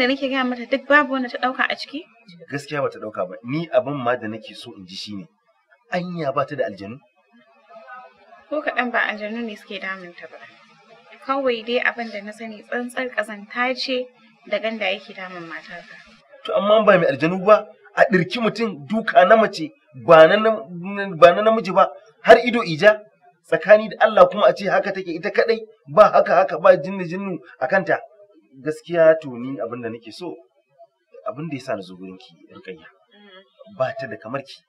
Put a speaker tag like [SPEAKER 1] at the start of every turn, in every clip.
[SPEAKER 1] da nake gaya mata duk babu wanda ta ɗauka a ciki?
[SPEAKER 2] Gaskiya bata ɗauka ba. Ni abin ma da nake so in ji shine anya ba ta da aljanu?
[SPEAKER 1] Ko kaɗan ba aljanu ne suke ta ba. Kawai dai abin da na sani tsantsar ƙazanta ce da ganda yake damun matata.
[SPEAKER 2] To amma ba mai aljanu ba a ɗirki mutum duka na mace ba na namiji ba har ido ija tsakani da Allah kuma a ce haka take ita kadai, ba haka haka ba jinni jinnu a kanta. gaskiya to ni abin nake so abin da yasa na zo gurin ki rukayya mm. ba ta da kamar ki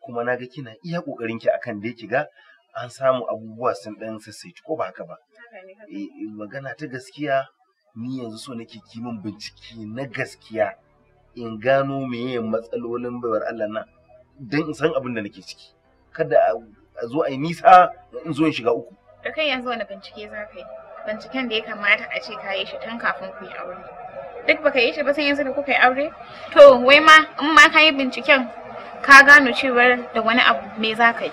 [SPEAKER 2] kuma na ga kina iya kokarin ki akan da yake ga an samu abubuwa sun dan sassaitu, ko ba haka ba eh, eh, magana ta gaskiya ni yanzu so nake kimin bincike na gaskiya in gano meye matsalolin baiwar Allah na. dan in san abin da nake ciki kada a zo a yi nisa in zo in shiga uku
[SPEAKER 1] da kai yanzu wani bincike za ka yi binciken da ya kamata a ce ka yi shi tun kafin ku yi aure duk baka yi shi ba sai yanzu da kuka yi aure to wai ma in ma ka yi binciken ka gano cewar da wani abu me za ka yi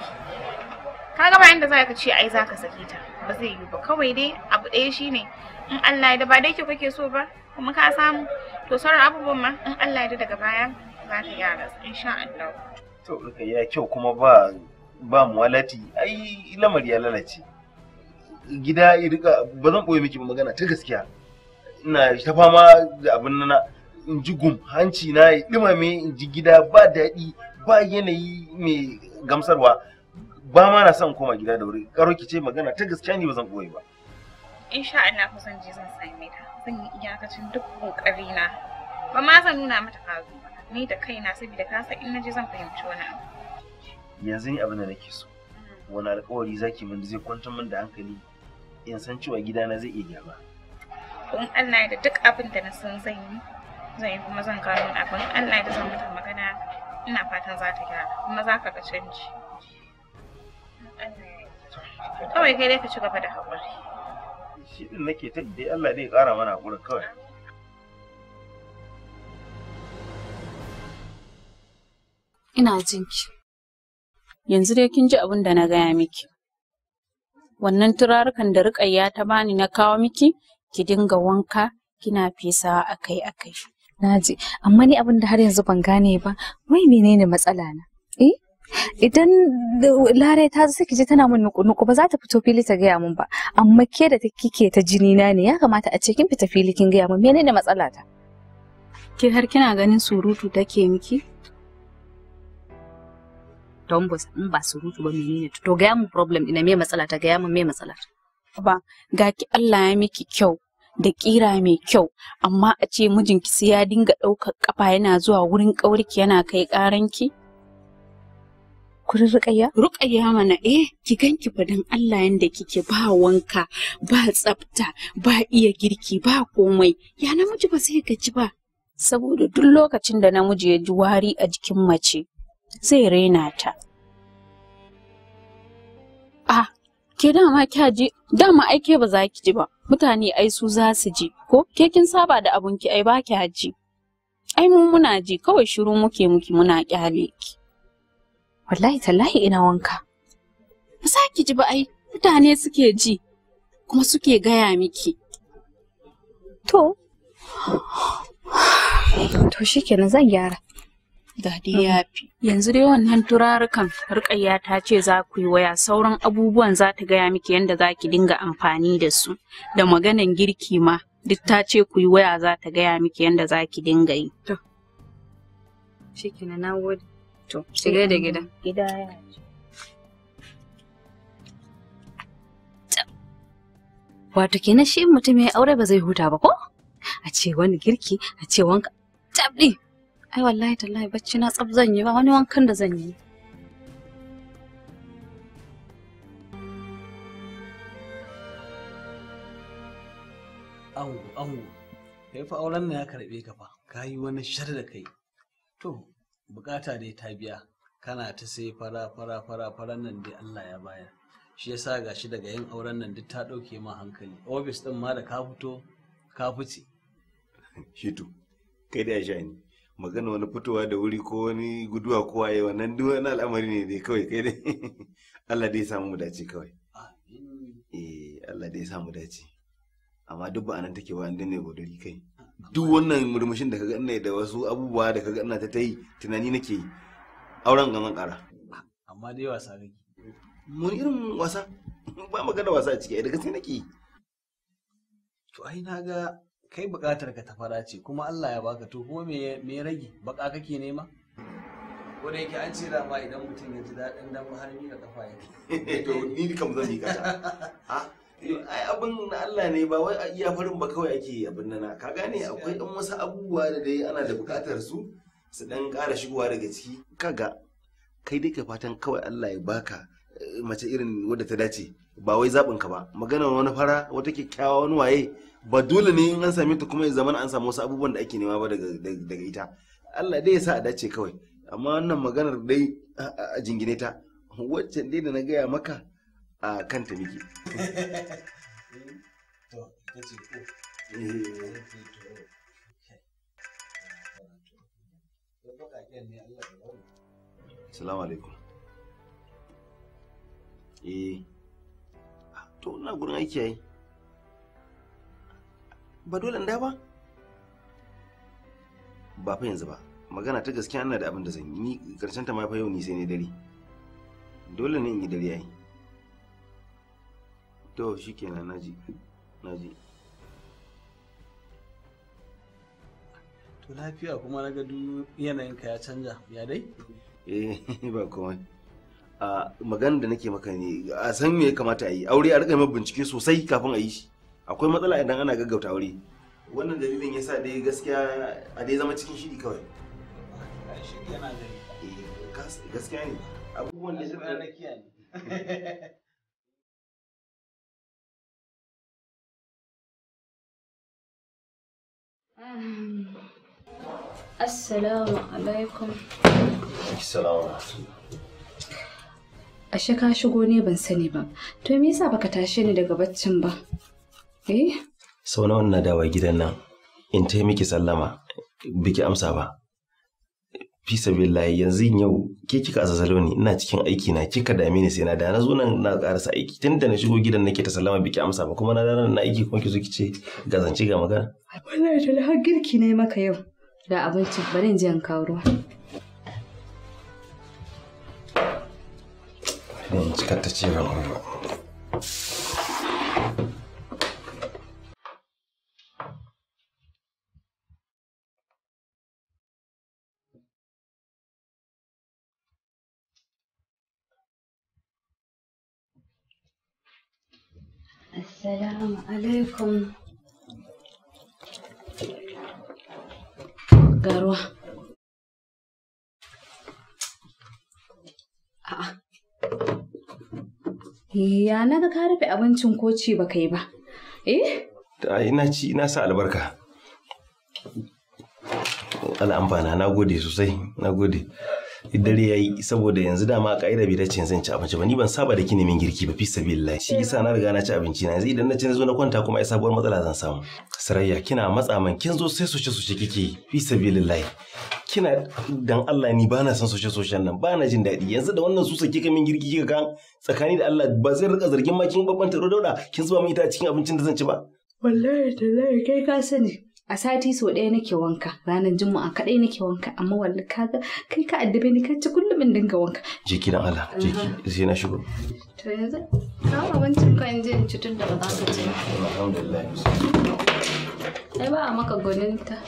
[SPEAKER 1] ka gaba inda za ka ce ai za ka saki ta ba zai yi ba kawai dai abu ɗaya shine in Allah ya da ba dai ke kuke so ba kuma ka samu to sauran abubuwan ma in Allah ya da daga baya za ta gyara insha Allah
[SPEAKER 2] to ya kyau kuma ba ba muwalati ai lamari ya lalace gida ya riga ba zan ɓoye miki ba magana ta gaskiya ina ta fama da abin na in ji gum hanci na ya ɗumame, in ji gida ba daɗi ba yanayi mai gamsarwa ba ma na son koma gida da wuri karo ki ce magana ta gaskiya ne ba zan ɓoye ba
[SPEAKER 1] insha Allah ku san je zan same ta zan yi iyakacin duk kokari na ba ma zan nuna mata kazu ni da kaina saboda ka san in je zan fahimci wani abu
[SPEAKER 2] yanzu ni abin da nake so mm. wani alƙawari zaki min zai kwantar min da hankali in san cewa gidana zai iya gyara.
[SPEAKER 1] In Allah da duk abin da na san zan yi, zan yi kuma zan kawo min abin Allah da zan mata magana ina fatan za ta gyara kuma za ka ga canji. Kawai kai dai ka ci gaba da haƙuri.
[SPEAKER 2] Shi din nake ta dai Allah zai ƙara mana haƙuri kawai.
[SPEAKER 1] Ina
[SPEAKER 3] jinki. Yanzu dai kin ji abin da na gaya miki. wannan turarukan da Rukayya ta bani na kawo miki ki dinga wanka kina fesawa
[SPEAKER 4] akai-akai. Naji, amma ni abin da har yanzu ban gane ba, wai menene matsala na? Eh? Idan Lare ta zo ki ji tana min nuku-nuku ba za ta fito fili ta gaya mun ba, amma ke da kike ta jini na ne ya kamata a ce kin fita fili kin gaya mun menene matsala ta? Ke har kina ganin surutu take miki? Don in ba rutu ba menene to gaya mu problem ina me matsala ta gaya mu me matsala
[SPEAKER 3] ba ga ki Allah ya miki kyau da kira mai kyau amma a ce mijinki sai ya dinga ɗaukar kafa yana zuwa wurin kaurki yana kai ƙaranki? Kuri rukayya? Rukayya mana eh ki ganki dan Allah yanda kike ba wanka ba tsafta ba iya girki ba komai ya namiji ba sai gaji ba. Saboda duk lokacin da namiji ya ji wari a jikin mace zai raina ta. A, ke dama kya ji, dama aike ba za ki ji ba, mutane ai su za su ji, ko ke kin saba da abun ai ba ki ji. Ai mun muna ji kawai shiru muke muki muna kyale ki.
[SPEAKER 4] Wallahi tallahi ina wanka. Ba
[SPEAKER 3] za ki ji ba ai, mutane suke ji, kuma suke gaya miki. To,
[SPEAKER 4] to shi kenan zan gyara. da fi.
[SPEAKER 3] Yanzu dai wannan turarukan rukayya ta ce za ku yi waya sauran abubuwan za ta gaya miki yadda za ki dinga amfani da su da maganan girki ma duk ta ce ku yi waya za ta gaya miki yadda za ki dinga yi. To,
[SPEAKER 4] shi na gode. To, shiga da gida. Gida ya Wato kenan shi mutum ya aure ba zai huta ba ko? A ce wani girki, a ce wanka, Tabi! ai wallahi tallahi bacci na tsab zan yi ba wani wankan da zan yi
[SPEAKER 5] awu awu kai fa auren nan ya karbe ka fa ka wani shar da kai to bukata dai ta biya kana ta sai fara fara fara fara nan dai Allah ya baya. shi yasa gashi daga yin auren nan duk ta dauke ma hankali office din ma da ka fito ka fice
[SPEAKER 2] to kai da ya ni magana wani fitowa da wuri ko wani guduwa ko waye wannan duk wani al'amari ne dai kawai kai dai Allah dai ya samu mu dace kawai eh Allah dai ya samu dace amma duk ba anan take ba an danne kai duk wannan murmushin da kaga ina da wasu abubuwa da kaga ina ta ta yi tunani nake yi auren man kara
[SPEAKER 5] amma dai wasa ne. mun irin wasa ba magana
[SPEAKER 2] wasa a ciki daga sai nake
[SPEAKER 5] to ai na ga kai buƙatar ka ta ce kuma Allah ya baka to kuma me me rage baka kake nema
[SPEAKER 2] ko da yake an ce dama idan mutum ya ji daɗin dan har da kafa yake to ni kam zan yi kasa ai abin na Allah ne ba wai iya farin ba kawai ake abin nan ka gane akwai ɗan wasu abubuwa da dai ana da buƙatar su su ɗan ƙara shigowa daga ciki kaga kai dai ka fatan kawai Allah ya baka eh, mace irin wadda ta dace ba wai zaɓin ka ba maganar wani fara wata kyakkyawa wani waye ba dole ne in an same ta kuma ya zama an samu wasu abubuwan da ake nema ba daga ita Allah dai ya sa a dace kawai amma wannan maganar dai a jingine ta wacce dai da na gaya maka a kanta miki eh. Assalamu alaikum. Eh, ah, to na gurin aiki yayi. ba dole in ba ba fa yanzu ba magana ta gaskiya ana da abin da zan yi ni karshen ta ma fa yau ni sai ne dare dole ne in yi dare yayi to shikenan naji naji
[SPEAKER 5] to lafiya kuma na ga yanayin ka ya canja ya dai
[SPEAKER 2] eh ba komai a magana da nake maka ne a san me ya kamata a yi aure a rika mai bincike sosai kafin a yi shi akwai matsala idan ana gaggauta wuri wannan dalilin yasa dai gaskiya a dai zama cikin shiri kawai eh,
[SPEAKER 6] gaskiya ne abubuwan da suka ne Assalamu alaikum. Assalamu
[SPEAKER 4] Ashe ka shigo ne ban sani ba. To me yasa baka tashe ni daga baccin ba? Eh?
[SPEAKER 2] Sau nawa na dawa gidan nan in ta miki sallama biki amsa ba. Fisa billahi yanzu yau ke kika azazalo ni ina cikin aiki na kika dami ni sai na da na zo nan na karasa aiki tun da na shigo gidan nake ta sallama biki amsa ba kuma na da na aiki kuma ki zo ki ce ga zance ga magana.
[SPEAKER 4] Wallahi da har girki ne maka yau da abinci bari in je in kawo ruwa.
[SPEAKER 7] Bari in ta ce ba.
[SPEAKER 6] Assalamu alaikum.
[SPEAKER 4] Garwa. A'a. Ya na ka rufe abincin ko ci baka yi ba. Eh?
[SPEAKER 2] Ai ina sa albarka. Al'amfana na gode sosai, dare yayi saboda yanzu dama a ka'ida bai dace zan ci abinci ba ni ban saba da min girki ba fi sabilillah shi isa na riga na ci abinci na yanzu idan na ci na zo na kwanta kuma ai sabuwar matsala zan samu sarayya kina matsa man kin zo sai soce soce kike fi sabilillah kina dan Allah ni bana son soce socen nan bana jin daɗi yanzu da wannan susa kika min girki kika kan tsakani da Allah ba zai rika zargin ma kin babbanta dauda kin zuba min ita cikin abincin da zan ci ba
[SPEAKER 4] wallahi tallahi kai ka sani a sati so ɗaya nake wanka ranar juma'a kaɗai nake wanka amma wani kaga kai ka addabe ni kace kullum in dinga wanka
[SPEAKER 2] jiki dan Allah jiki sai na shigo
[SPEAKER 4] to yanzu ka abincin ka in in cutar da ba za ka ci alhamdulillah ai ba a maka gwaninta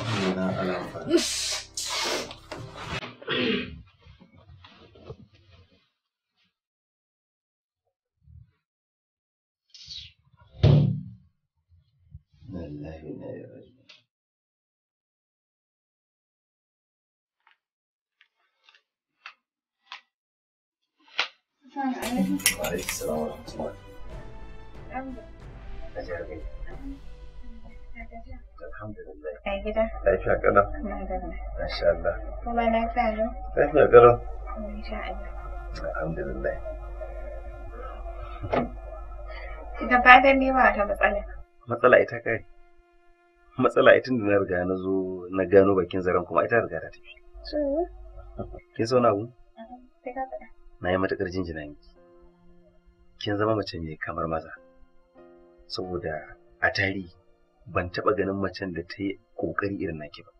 [SPEAKER 6] Lillahi wa A matsala. Matsala
[SPEAKER 2] ita kai. Matsala ita da na riga na zo na gano bakin zaren kuma ita riga ta tafi. Kin so ku? Sai ka faɗa. na yi matuƙar jinjina miki kin zama mace mai kamar maza saboda a tari, ban taɓa ganin macen da ta yi ƙoƙari irin naki ba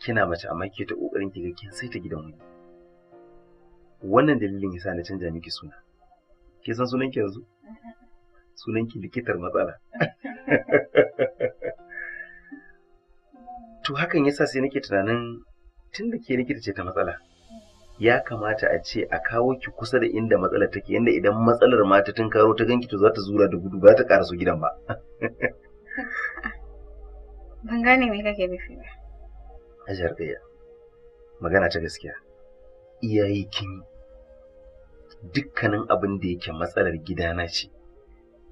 [SPEAKER 2] kina mace amma ke ta ƙoƙarin ki ga kin sai ta gidan wani wannan dalilin yasa na canja miki suna ke san sunan ki yanzu sunan ki likitar matsala to hakan yasa sai nake tunanin tun da ke likita ce ta matsala ya kamata a ce a kawo ki kusa da inda matsalar take yanda idan matsalar mata tun karo ta ganki to za ta zura da gudu ba ta ƙara gidan ba
[SPEAKER 1] ban gane me kake nufi ba
[SPEAKER 2] Hajar gaya. magana ta gaskiya iyaye kin dukkanin abin da yake matsalar gidana ce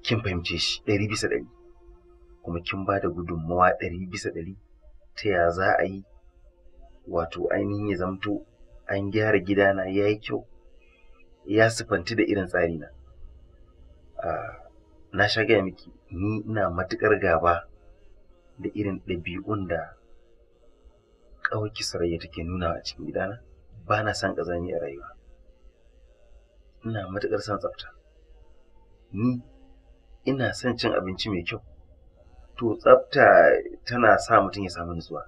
[SPEAKER 2] kin fahimce shi ɗari bisa ɗari kuma kin ba da gudunmawa ɗari bisa ɗari ta ya za a yi wato ainihin ya zamto an gyara gidana ya yi kyau ya sifanti da irin tsari na na sha gaya miki ni ina matukar gaba da irin ɗabi'un da ƙawaki sarayya take nuna a cikin gidana ba na son ƙazami a rayuwa ina matukar son tsafta ni ina son cin abinci mai kyau to tsafta tana sa mutum ya samu nutsuwa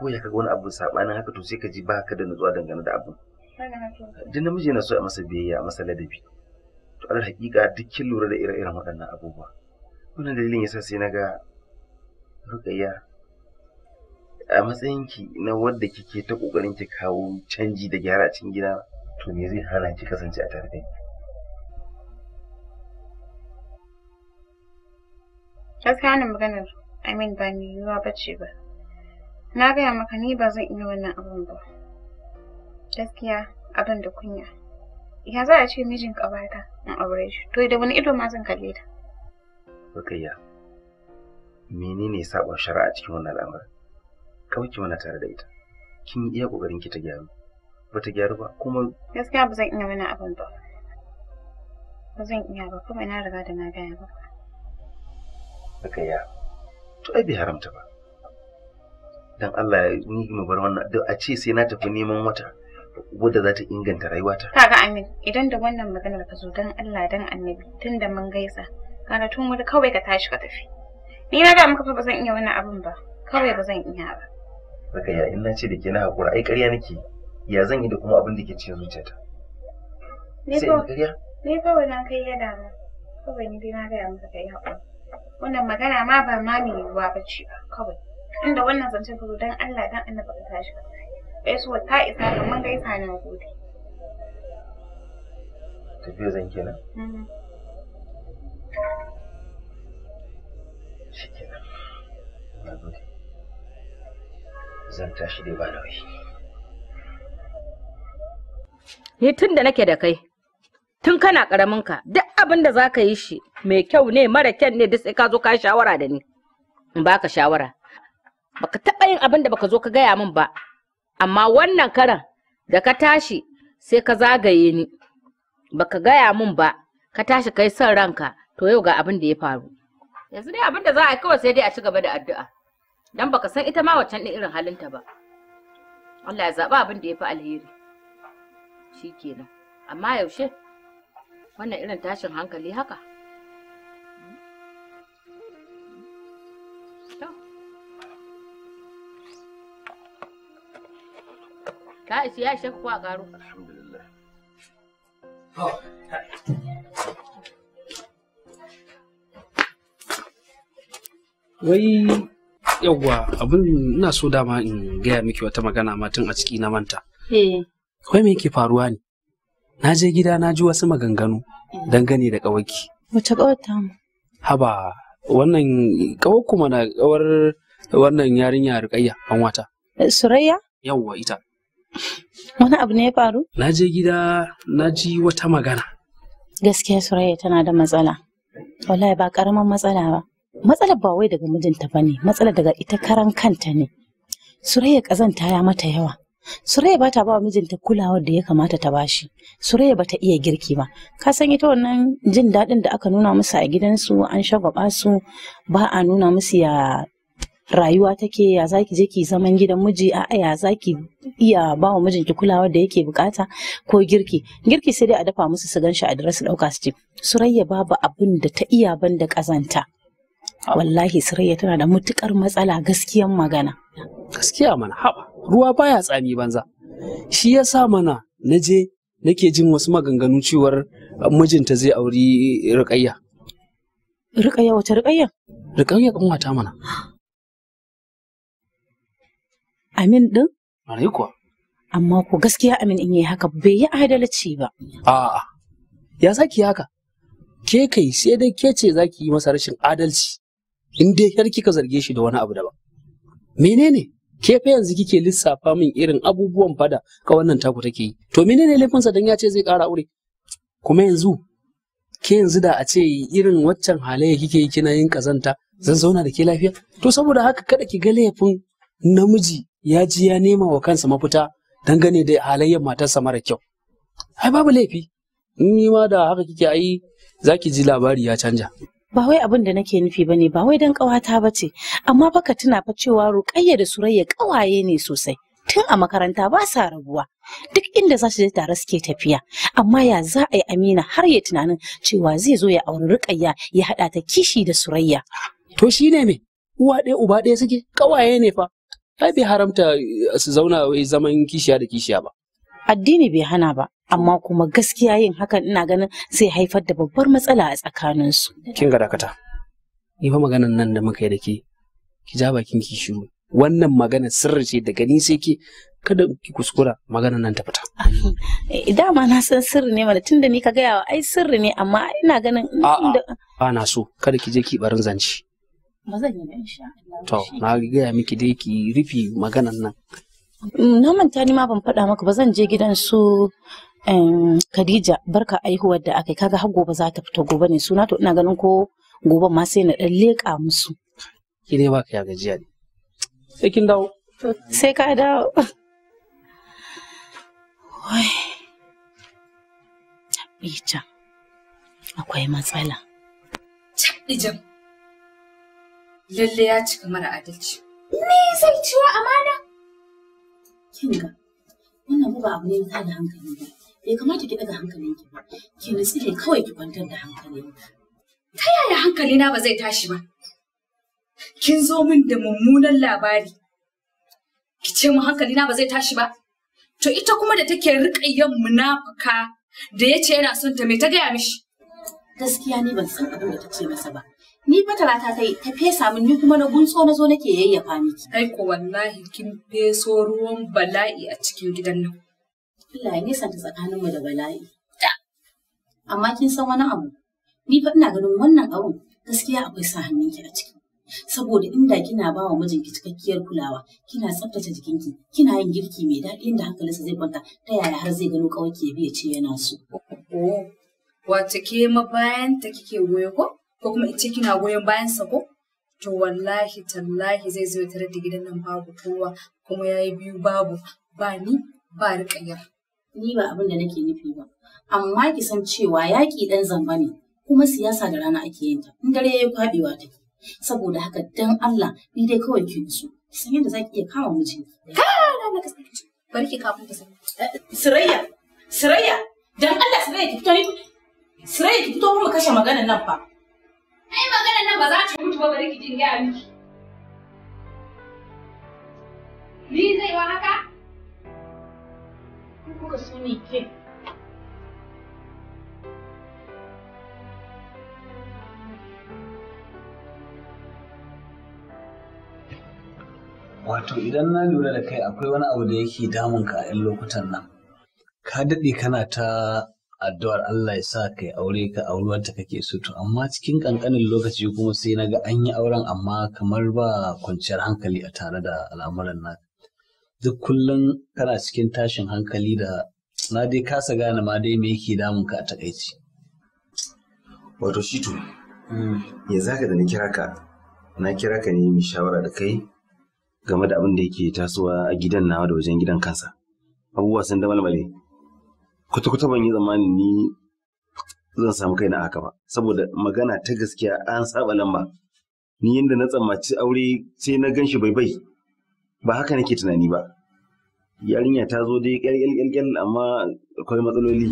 [SPEAKER 2] ko kaga wani abu sabanin haka to sai ka ji baka da nutsuwa dangane da abu duk namiji yana so a masa biyayya masa ladabi to alal hakika duk lura da ire-iren waɗannan abubuwa wannan dalilin yasa sai na ga rukayya a matsayin ki na wadda kike ta kokarin ki kawo canji da gyara a cikin gida
[SPEAKER 7] to me zai hana ki kasance a tare da
[SPEAKER 1] gaskiya maganar I ba mai yiwuwa bace ba na gaya maka ni ba zan iya wannan abun ba gaskiya abin da kunya ya za a ce mijin ta? in aure shi to da wani ido ma zan kalle ta
[SPEAKER 2] bakayya menene sabon shari'a cikin wannan al'amari? kawai ki mana tare da ita kin iya kokarin ki ta gyaru ba ta gyaru ba kuma
[SPEAKER 1] gaskiya ba zan iya wannan abin ba ba zan iya ba kuma na riga da na gaya ba
[SPEAKER 7] bakayya to ai bai haramta ba
[SPEAKER 2] dan Allah ya yi mu bar wannan duk a ce sai na tafi neman wata wadda za ta inganta rayuwata
[SPEAKER 1] ga amin idan da wannan maganar ka zo dan Allah dan annabi tun da mun gaisa kana tun wuri kawai ka tashi ka tafi ni na ga muka fa ba zan iya wannan abin ba kawai ba zan iya ba
[SPEAKER 2] Baka ya in na ce da ke na hakura ai ƙarya nake ya zan yi da kuma abin da ke cikin zuciyata
[SPEAKER 1] sai in ƙarya ni fa wannan kai ya damu kawai ni dai na ga maka kai hakuri wannan magana ma ba ma mai yiwuwa ba ce ba kawai inda wannan zancen ka zo don Allah don annabi ka tashi gaisuwa ta isa ga mun gaisa na gode
[SPEAKER 7] tafiya zan kenan shi kenan na gode zan tashi dai ba nauyi
[SPEAKER 3] ni tun da nake da kai tun kana karamin ka duk abin da za ka yi shi mai kyau ne mara kyan ne duk sai ka zo ka shawara da ni in baka shawara baka taba yin abin da baka zo ka gaya min ba amma wannan karan da ka tashi sai ka zagaye ni baka gaya min ba ka tashi kai son ranka to yau ga abin da ya faru yanzu dai abin da za a yi kawai sai dai a ci gaba da addu'a dan baka san ita ma waccan din irin halinta ba Allah ya zaba abin da ya fi alheri shikenan amma yaushe wannan irin tashin hankali haka Ka isi ya shaka a karo. Alhamdulillah.
[SPEAKER 5] Wai yawwa abin ina so dama in gaya miki wata magana ma tun a ciki na manta. Eh. Wai me yake faruwa ne? Na je gida na ji wasu maganganu dangane da ƙawaki.
[SPEAKER 8] Wace ƙawata mu?
[SPEAKER 5] Haba wannan ƙawar kuma na ƙawar wannan yarinya Rukayya an wata.
[SPEAKER 8] Eh, Surayya? Yawwa ita. Wani abu ne ya faru?
[SPEAKER 5] Na je gida na ji wata magana.
[SPEAKER 8] Gaskiya Suraya tana da matsala. Wallahi ba karamin matsala ba. Matsalar ba wai daga mijinta ba ne, matsalar daga ita karan kanta ne. Suraya kazanta ya mata yawa. Suraya ba ta ba wa mijinta kulawar da ya kamata ta ba shi Suraya ba ta iya girki ba. Ka san ita wannan jin daɗin da aka nuna musu a gidansu an shagwaba su ba a nuna musu ya rayuwa take ya zaki je ki zaman gidan miji a ya zaki iya ba wa mijinki kulawa da yake bukata ko girki girki sai dai a dafa musu su gan shi a dare su dauka su ce surayya babu abin da ta iya ban da kazanta wallahi surayya tana da matukar matsala gaskiyan magana
[SPEAKER 5] gaskiya mana haba ruwa baya tsami banza shi yasa mana na je nake jin wasu maganganu cewar mijinta zai auri rukayya
[SPEAKER 8] rukayya wata rukayya rukayya kuma mana ah, amin ɗin?
[SPEAKER 5] Mare
[SPEAKER 7] kuwa.
[SPEAKER 8] Amma ku gaskiya amin in yi haka bai yi
[SPEAKER 5] adalci ba. A'a, ya zaki haka? Ke kai sai dai ke ce za ki yi masa rashin adalci in dai har kika zarge shi da wani abu daban. Menene? Ke fa yanzu kike lissafa min irin abubuwan fada ka wannan taku take yi. To menene laifinsa dan ya ce zai ƙara aure? Kuma yanzu ke yanzu da a ce irin waccan halayya kike yi kina yin kazanta zan zauna da ke lafiya to saboda haka kada ki ga laifin namiji ya ji ya nema wa kansa mafita don dangane da halayyar matarsa mara kyau ai babu laifi in ni ma da haka kike ai ki ji labari ya canja
[SPEAKER 8] ba wai abin da nake nufi ne ba wai dan kawata ce. amma baka tuna fa cewa ruƙayya da surayya ƙawaye ne sosai tun a makaranta ba sa rabuwa duk inda za su je tare suke tafiya amma ya za a yi amina har ya tunanin cewa zai zo ya auri ruƙayya ya haɗa ta kishi da surayya to shine me uwa ɗaya uba ɗaya suke kawaye ne fa
[SPEAKER 5] ai bai haramta eh, su zauna wai zaman kishiya da kishiya ba addini bai
[SPEAKER 8] hana ba amma kuma gaskiya yin hakan ina ganin sai haifar da babbar matsala a tsakaninsu
[SPEAKER 5] kin ga dakata ni fa maganar nan da muka yi da ke ki ja bakin ki shiru wannan magana sirri ce daga ni sai ki kada ki kuskura maganar nan ta fita. Eh, dama
[SPEAKER 8] na san sirri ne mana tunda ni ka gaya ai sirri ne amma ina ganin. A'a
[SPEAKER 5] ba na so kada ki je ki barin zance. ba zan yi miki dai ki maganan nan
[SPEAKER 8] mm, na manta ni ban faɗa maka ba zan je gidan su Khadija barka aihuwar da aka yi kaga har gobe za ta fita gobe ne suna to ina ganin ko gobe ma sai na ɗan leƙa musu
[SPEAKER 5] ki dai baka ya gajiya ne
[SPEAKER 8] sai kin dawo sai ka dawo wai akwai matsala.
[SPEAKER 4] Ijan. lalle ya cika mara adalci. Me zai wa amana? Kin ga, wannan ba abu ne ta da hankali ba. Bai kamata ki daga ki ba. Ki nutsi ne kawai ki kwantar da hankalin. Ta yaya hankalina ba zai tashi ba? Kin zo min da mummunan labari. Ki ce mu hankalina ba zai tashi ba? To ita kuma da take riƙayyan munafuka da ya ce yana son ta me ta gaya mishi? Gaskiya ni ban san abin da ta ce masa
[SPEAKER 8] ba. Ni fa talata ta yi ta fesa min ni kuma na gunso na zo nake yayyafa miki. Ai ko wallahi kin feso ruwan bala'i a cikin gidan nan. Allah ya nisanta tsakaninmu da bala'i. Amma kin san wani abu? Ni fa ina ganin wannan abun gaskiya akwai sa hannunki a ciki. saboda inda kina ba wa mijinki cikakkiyar kulawa kina tsaftace jikinki kina yin girki mai daɗi inda hankalinsa zai kwanta ta yaya har zai gano kawai ke biya ce
[SPEAKER 4] yana so. Wace ke mabayanta kike goyo ko? ko kuma ce kina goyon bayan sa ko to wallahi tallahi zai zo tare da gidan nan babu kowa kuma yayi biyu babu ba ni ba riƙayya ni ba abin da nake nufi
[SPEAKER 8] ba amma ki san cewa yaƙi dan zamba ne kuma siyasa da rana ake yin ta in dare yayi kwabewa take saboda haka dan Allah ni dai kawai ki nisu san yadda zaki iya kama miji
[SPEAKER 4] ka na ka bari ki kafin ta sani
[SPEAKER 8] eh, sirayya sirayya dan Allah sirayya ki fito ni sirayya ki fito mu kashe maganar nan fa
[SPEAKER 4] Ai magana nan ba za ta mutu ba bari ki jin gaya miki.
[SPEAKER 3] Ni zai wa haka? Kuka so
[SPEAKER 1] ni ke.
[SPEAKER 7] Wato idan
[SPEAKER 5] na lura da kai akwai wani abu da yake damun ka a 'yan lokutan nan. Ka daɗe kana ta addu'ar Allah ya sa kai aure ka a wanda kake so to amma cikin kankanin lokaci kuma sai na ga an yi auren amma kamar ba kwanciyar hankali a tare da al'amuran na. duk kullum kana cikin tashin hankali da na dai kasa gane ma dai me yake damun ka a takaici wato shitu
[SPEAKER 6] hmm.
[SPEAKER 2] ya zaka da ni kira ka na kira ka ne mai shawara da kai game da abin da yake tasowa a gidan nawa da wajen gidan kansa abubuwa sun da malmale kwata-kwata ban yi zamani ni zan samu kai na haka ba saboda magana ta gaskiya an saba lamba ni yadda na tsammaci aure sai na gan shi bai bai ba
[SPEAKER 7] haka nake tunani ba yarinya ta zo dai kyalkyalkyal amma akwai matsaloli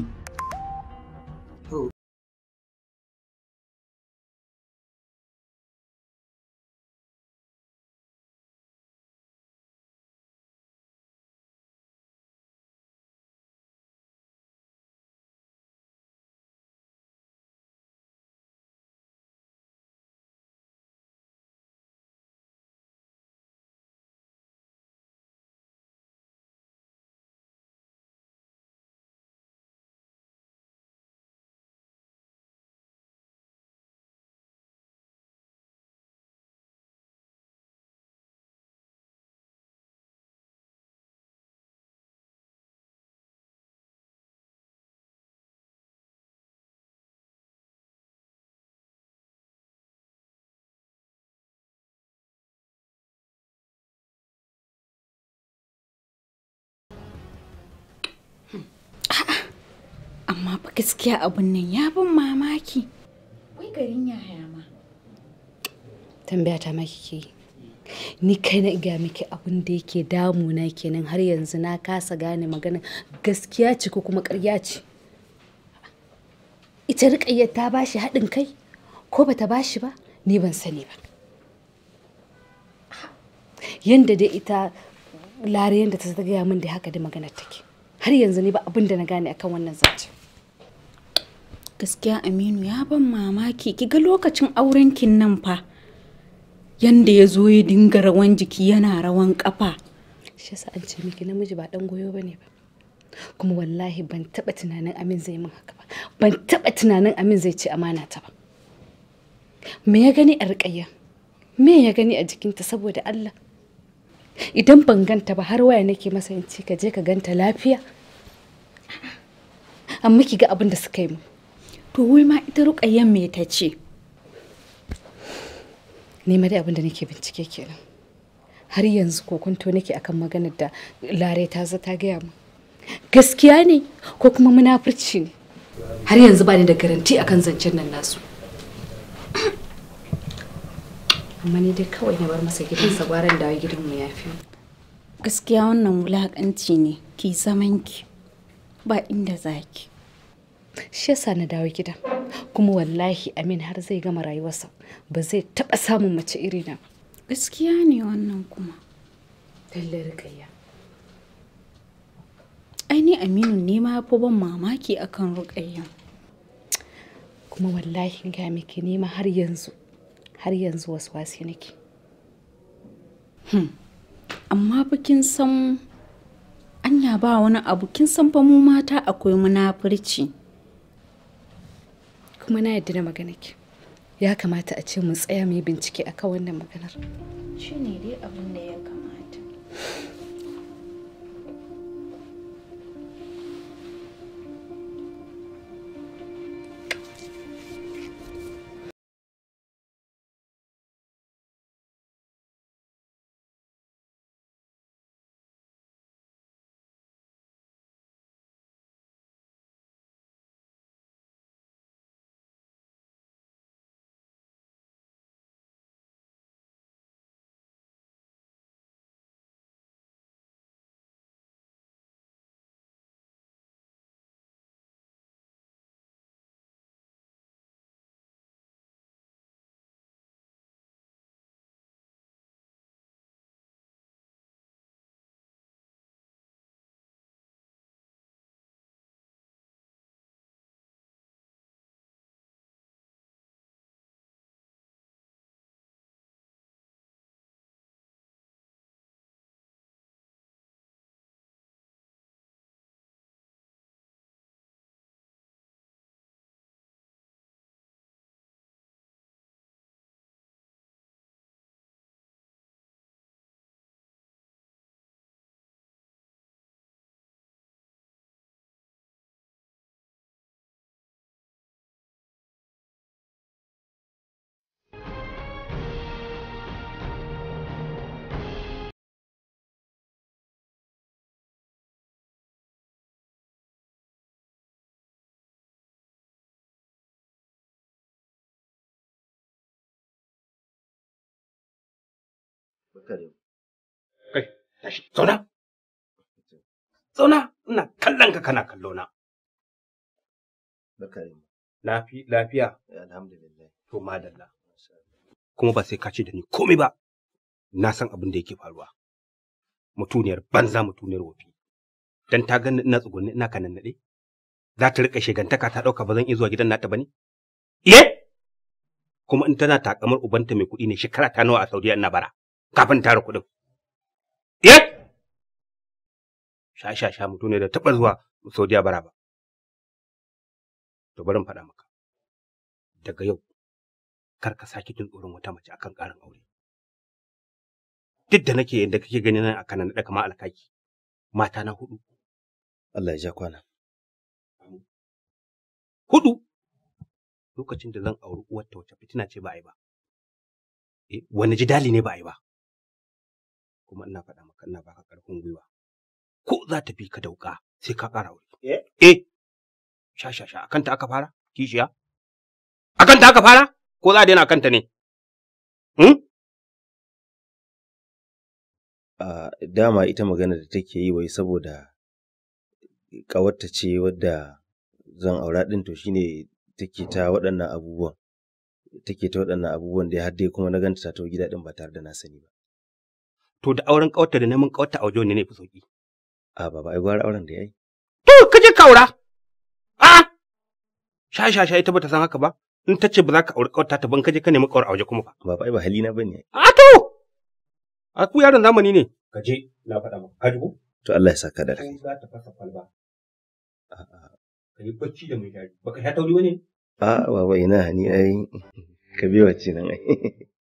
[SPEAKER 4] Amma ba gaskiya abun nan ya bin mamaki.
[SPEAKER 3] Wai garin yaya ma.
[SPEAKER 4] Tambaya ta ma kike Ni kai na ga miki abun da yake damuna kenan har yanzu na kasa gane magana gaskiya ce ko kuma ƙarya ce. Ita riƙayyar ta bashi haɗin kai ko bata bashi ba ni ban sani ba. Yanda dai ita lare yanda ta gaya min da haka da magana take. har yanzu ne ba abin da na gane akan wannan zance. gaskiya aminu ya ban mamaki ki ga lokacin auren aurenkin nan fa yanda ya zo ya dinga rawan jiki yana rawan kafa shi yasa an ce miki namiji ba dan goyo bane ba kuma wallahi ban taba tunanin amin zai min haka ba ban taba tunanin amin zai ci amana ta ba me ya gani a rikayya me ya gani a jikinta saboda Allah idan ban ganta ba har waya nake masa in ce ka je ka ganta lafiya amma ki ga abin da suka yi mu to wai ma ita yan me ta ce nema dai abin da nake bincike kenan har yanzu kokonto nake akan maganar da lare ta za ta gaya mu gaskiya ne ko kuma munafurci ne har yanzu ba ni da garanti akan zancen nan nasu amma ni dai kawai na bar masa gidansa gwaran da gidanmu ya fi gaskiya wannan wulakanci ne ki zaman ki ba inda zaki shi yasa na dawo gida kuma wallahi amin har zai gama rayuwarsa ba zai taɓa samun mace irina gaskiya ne wannan kuma tallar rikayya ai ni aminu ne ma fi ban mamaki akan rukayya kuma wallahi ga miki nema har yanzu har yanzu waswasi nake hmm. amma kin san anya ba wani abu kin san fa mu mata akwai munafurci kuma na yadda da ki ya kamata a ce mu tsaya mu yi bincike akan wannan maganar shi ne dai abin da ya kamata
[SPEAKER 6] Kai, tashi, zauna. Zauna, ina kallon ka kana kallo na.
[SPEAKER 7] Lafiya. Eh, alhamdulillah. To madalla. Kuma ba sai ka ce da ni komai ba. Na san abin da yake faruwa.
[SPEAKER 2] Mutuniyar banza mutuniyar wofi. Dan ta gani ina tsugunni ina kanan naɗe. Za ta riƙa shigantaka ta ɗauka ba zan iya zuwa gidan nata ba ne? Iye! Kuma in tana takamar ubanta mai kuɗi ne shekara ta nawa a Saudiya ina bara. kafin tara kuɗin. Ye?
[SPEAKER 7] Sha sha sha mutum ne da taɓa zuwa Saudiya bara ba. To bari faɗa maka. Daga yau kar ka sake jin tsoron wata mace akan ƙarin aure. Duk da nake yadda kake gani nan a kanan da kama alkaki. Mata na hudu. Allah ya ja kwana. Hudu. Lokacin da zan auri ta wata fitina ce ba a yi ba. Eh, wani jidali ne ba a ba. kuma ina faɗa maka ina baka ƙarfin gwiwa ko za ta fi ka dauka sai ka ƙara wuri eh, eh.
[SPEAKER 6] sha sha sha akanta aka fara kishiya akanta aka fara ko za a daina akanta ne hmm?
[SPEAKER 7] A dama ita magana da take yi wai saboda ta ce wadda
[SPEAKER 2] zan aura ɗin to shine take ta waɗannan abubuwan take ta waɗannan abubuwan da har dai kuma na ganta ta gida ɗin ba tare da na sani ba to da auren kawarta da neman kawarta a waje ne ne fi sauki a baba ai gwara auren da yayi
[SPEAKER 6] to ka je kaura a
[SPEAKER 2] sha sha sha ita bata san haka ba in ta ce ba za ka aure kawarta ta ban ka je ka nemi kawar a waje kuma fa baba ai ba halina bane a to a ku yaron zamani ne
[SPEAKER 7] ka je na faɗa maka ka dubo.
[SPEAKER 2] to Allah ya saka da rai.
[SPEAKER 7] za ta fasa kwalba ka yi bacci da mai jari baka sha tauri bane a baba ina ni ai ka biyo wacce nan
[SPEAKER 6] ai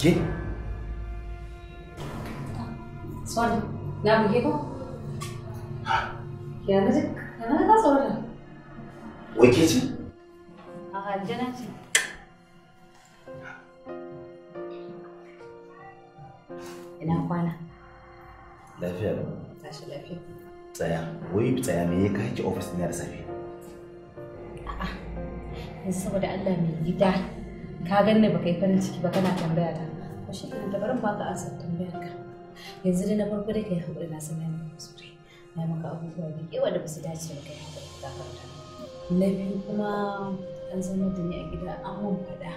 [SPEAKER 2] Ke?
[SPEAKER 4] Sorry, na buge ko? Ya na ji, ya na ta tsoron. Wai ke ce? A aljana ce.
[SPEAKER 7] Lafiya
[SPEAKER 2] ba. Tashi lafiya. Tsaya, wai tsaya me ya kai ki ofis ɗin da safe?
[SPEAKER 4] A'a. Yanzu saboda Allah mai gida ka ganni ba kai farin ciki ba kana tambaya ta. Ko shi ne da ba ka ansa tambayar ka. Yanzu dai na farko dai kai hakuri na san yayi kuskure. Na maka abubuwa da yawa da ba su dace da kai hakuri ka farta. Na biyu kuma an zama da ni a gida an mun faɗa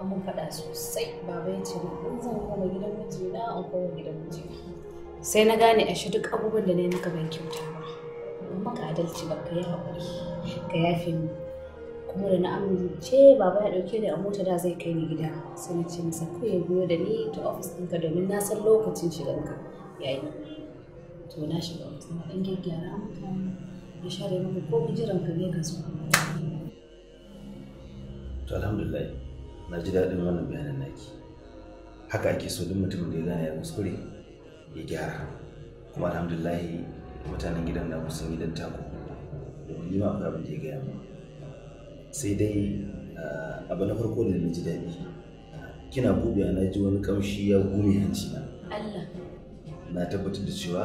[SPEAKER 4] an mun faɗa sosai baba ya ce in zan koma gidan mijina in koma gidan mijina sai na gane a shi duk abubuwan da na yi maka ban kyauta ba amma ka adalci ba ka yi haƙuri ka yafe mu kuma da na amince baba ya ɗauke da a mota da zai kai ni gida sai na ce masa ko ya biyo da ni ta ofis ɗinka domin na san lokacin shiganka ya yi to na shiga ofis na ɗan gyaggyara amma ya share maka ko jiran ka ne ka zo
[SPEAKER 2] to alhamdulillah na ji daɗin wannan bayanan naki haka ake so duk mutumin da ya gane ya kuskure ya gyara kuma alhamdulahi mutanen gidan na musu yi dan tako domin ni ma akwai abin da ya gaya mu sai dai ah, abu na farko da na ji daɗi kina gobe na ji wani kamshi ya gume hanci na Allah na tabbatar da cewa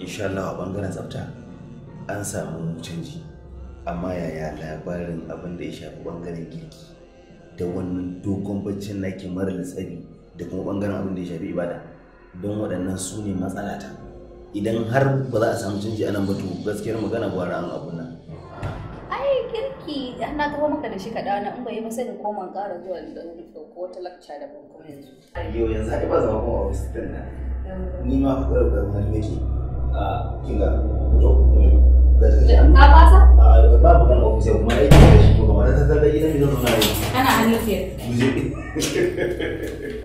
[SPEAKER 2] insha Allah a bangaren tsafta an samu canji amma yaya labarin abin da ya shafi bangaren girki da wannan dogon baccin naki mara tsari da kuma bangaren abin da ya shafi ibada don waɗannan su ne matsalata idan har ba za a samu canji anan ba to gaskiyar magana gwara an abun nan
[SPEAKER 6] ai
[SPEAKER 4] kirki na taho maka da shi kaɗa na in bai ba da koma ƙara zuwa da ɗauko wata lakca da ban kuma
[SPEAKER 2] yanzu yau yanzu ai ba zama kuma ofis din nan ni ma ku ɗaura da wani yake a kinga to a basa ba ku kan ofis yau kuma ai kuma da ta da gidan gidan na yau ana hannun ke